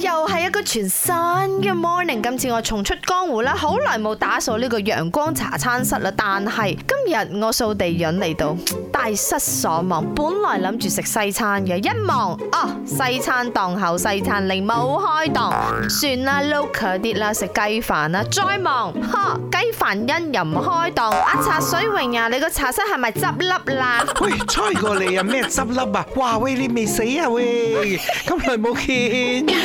又係一個全新嘅 morning，今次我重出江湖啦，好耐冇打掃呢個陽光茶餐室啦，但係今日我掃地人嚟到，大失所望。本來諗住食西餐嘅，一望啊，西餐檔口西餐廳冇開檔，算啦 local 啲啦，食雞飯啦。再望呵，雞飯因又唔開檔。阿、啊、茶水榮啊，你個茶室係咪執笠啦？喂，吹過嚟啊，咩執笠啊？哇喂，你未死啊喂？咁耐冇見。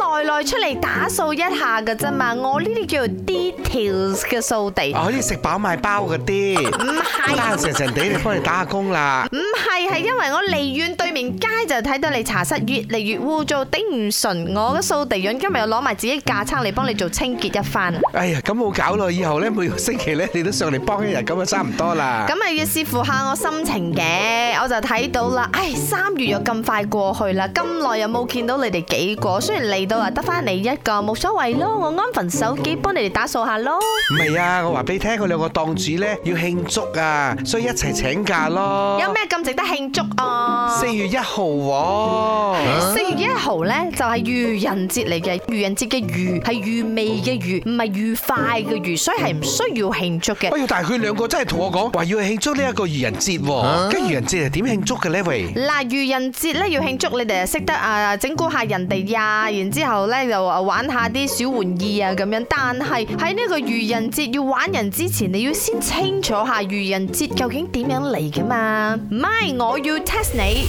我內內出嚟打掃一下嘅啫嘛，我呢啲叫做 details 嘅掃地，好似食飽賣包啲，唔係，懶神神地嚟幫你打下工啦，唔係，係因為我離遠對。街就睇到你茶室越嚟越污糟，頂唔順。我嘅掃地潤今日又攞埋自己架撐嚟幫你做清潔一番。哎呀，咁冇搞咯，以後咧每個星期咧你都上嚟幫一日，咁啊差唔多啦。咁啊要視乎下我心情嘅，我就睇到啦。唉，三月又咁快過去啦，咁耐又冇見到你哋幾個，雖然嚟到啊得翻你一個，冇所謂咯，我安分守己幫你哋打掃下咯。唔係啊，我話俾你聽，佢兩個檔主咧要慶祝啊，所以一齊請假咯。有咩咁值得慶祝啊？四月一號，四月一號咧就係、是、愚人節嚟嘅。愚人節嘅愚係愚昧嘅愚，唔係愉快嘅愚，所以係唔需要慶祝嘅。唔、嗯、但係佢兩個真係同我講話要慶祝呢一個愚人節喎。咁愚、啊、人節係點慶祝嘅呢？喂，嗱愚人節咧要慶祝你，你哋係識得啊整蠱下人哋呀，然之後咧又啊玩下啲小玩意啊咁樣。但係喺呢個愚人節要玩人之前，你要先清楚下愚人節究竟點樣嚟噶嘛？唔係，我要 test 你。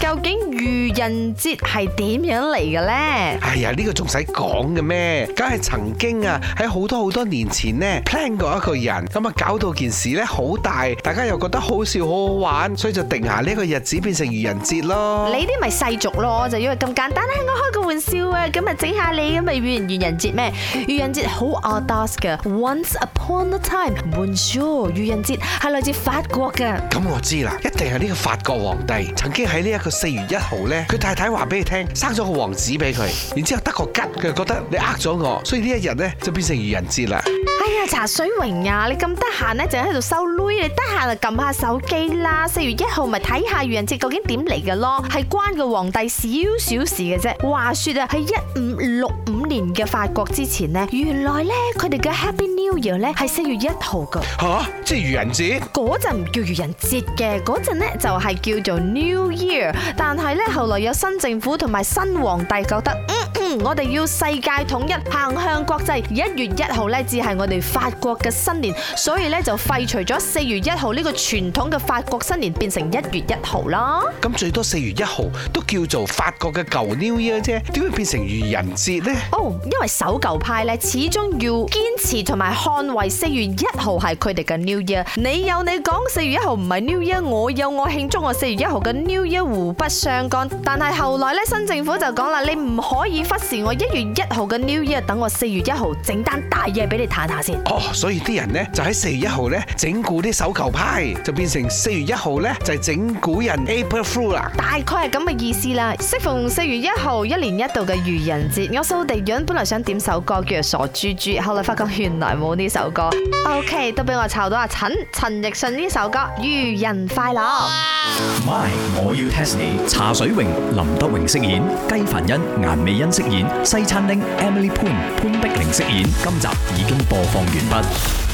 究竟愚人節係點樣嚟嘅咧？哎呀，呢、這個仲使講嘅咩？梗係曾經啊，喺好多好多年前呢 plan 過一個人，咁啊搞到件事咧好大，大家又覺得好笑好好玩，所以就定下呢個日子變成愚人節咯。你啲咪世俗咯，就因為咁簡單，係我開個玩笑啊，咁啊整下你，咁咪變愚人節咩？愚人節好 old days 噶，once upon a time，Bonjour。愚人節係來自法國嘅。咁我知啦，一定係呢個法國皇帝曾經喺呢一個。四月一號咧，佢太太話俾你聽，生咗個王子俾佢，然之後得個吉，佢又覺得你呃咗我，所以呢一日咧就變成愚人節啦。哎呀，茶水榮啊，你咁得閒咧，就喺度收女，你得閒就撳下手機啦。四月一號咪睇下愚人節究竟點嚟嘅咯，係關個皇帝少少事嘅啫。話説啊，喺一五六五年嘅法國之前咧，原來咧佢哋嘅 Happy New Year 咧係四月一號㗎。嚇，即係愚人節？嗰陣唔叫愚人節嘅，嗰陣咧就係叫做 New Year。但係咧，後來有新政府同埋新皇帝覺得。我哋要世界統一，行向國際。一月一號咧，只係我哋法國嘅新年，所以咧就廢除咗四月一號呢個傳統嘅法國新年，變成一月一號啦。咁最多四月一號都叫做法國嘅舊 New Year 啫，點會變成愚人節呢？哦，oh, 因為守舊派咧始終要堅持同埋捍衛四月一號係佢哋嘅 New Year。你有你講四月一號唔係 New Year，我有我慶祝我四月一號嘅 New Year，互不相干。但係後來咧，新政府就講啦，你唔可以忽。是我一月一號嘅 new year，等我四月一號整單大嘢，俾你嘆下先。哦，所以啲人呢就喺四月一號呢整蠱啲手球派，就變成四月一號呢就係整蠱人 April Fool 啦。大概係咁嘅意思啦。適逢四月一號一年一度嘅愚人節，我掃地忍本來想點首歌叫做傻豬豬，後來發覺原來冇呢首歌。OK，都俾我抄到阿陳陳奕迅呢首歌《愚人快樂》。My，我要 test 你。茶水榮、林德榮飾演，雞凡欣、顏美欣飾。演西餐廳 Emily Poon 潘碧玲飾演，今集已經播放完畢。